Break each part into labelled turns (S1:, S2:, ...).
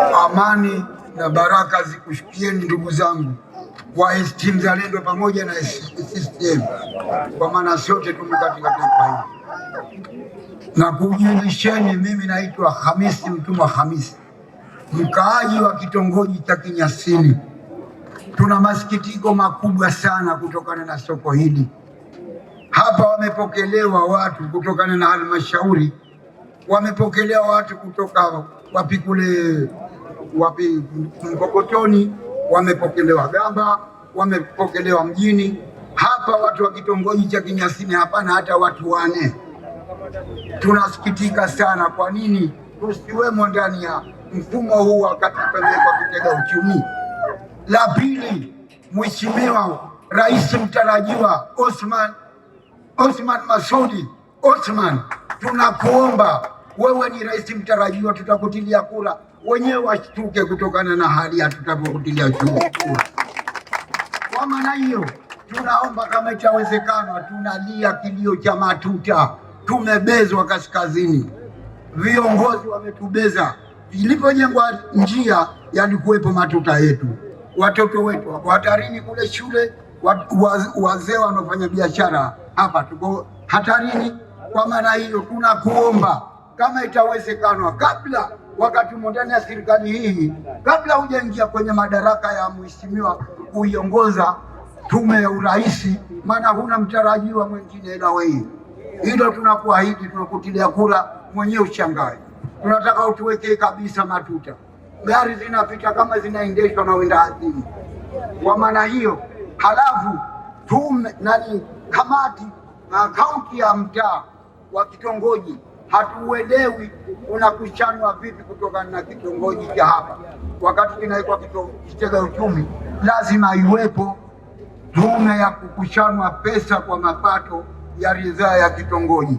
S1: Amani na baraka zikushukieni ndugu zangu wa ACT Mzalendo pamoja na CCM, kwa maana sote tumekatika taifa hili na kujulisheni, mimi naitwa Hamisi Mtumwa Hamisi, mkaaji wa kitongoji cha Kinyasini. Tuna masikitiko makubwa sana kutokana na soko hili. Hapa wamepokelewa watu kutokana na halmashauri, wamepokelewa watu kutoka wapi kule wapi Mkokotoni, wamepokelewa Gamba, wamepokelewa mjini hapa. Watu wa kitongoji cha Kinyasini hapana hata watu wane. Tunasikitika sana. Kwa nini tusiwemo ndani ya mfumo huu wa katikawekwa kutega uchumi? La pili, Mheshimiwa Rais mtarajiwa Osman Osman Masudi Osman, tunakuomba wewe ni rais mtarajiwa, tutakutilia kura. Wenyewe washtuke kutokana na hali ya tutakutilia kura. Kwa maana hiyo, tunaomba kama itawezekana, tunalia kilio cha matuta. Tumebezwa kaskazini, viongozi wametubeza. Ilipojengwa njia yalikuwepo matuta yetu, watoto wetu wako hatarini kule shule, wazee wanaofanya biashara hapa tuko hatarini. Kwa maana hiyo tunakuomba kama itawezekana, kabla wakati ndani ya serikali hii, kabla hujaingia kwenye madaraka ya mheshimiwa kuiongoza tume ya urais, maana huna mtarajiwa mwingine ila wewe. Hilo tunakuahidi, tunakutilia kura, mwenyewe uchangae. Tunataka utuwekee kabisa matuta, gari zinapita kama zinaendeshwa na wenda azimu. Kwa maana hiyo, halafu tume nani, kamati na kaunti ya mtaa wa kitongoji hatuuelewi unakuchanwa vipi kutokana na kitongoji cha hapa. Wakati kinawekwa kitega uchumi, lazima iwepo tume ya kukushanwa pesa kwa mapato ya ridhaa ya kitongoji.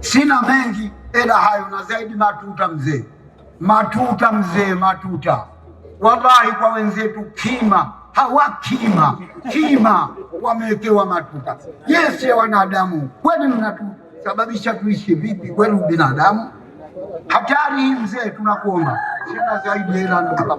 S1: Sina mengi ila hayo na zaidi. Matuta mzee, matuta mzee, matuta wallahi, kwa wenzetu kima hawakima kima, wamewekewa matuta. Yes, wanadamu, kweli mnatuta sababisha tuishi vipi kweli binadamu? Hatari hii mzee, tunakuomba sina zaidi hela na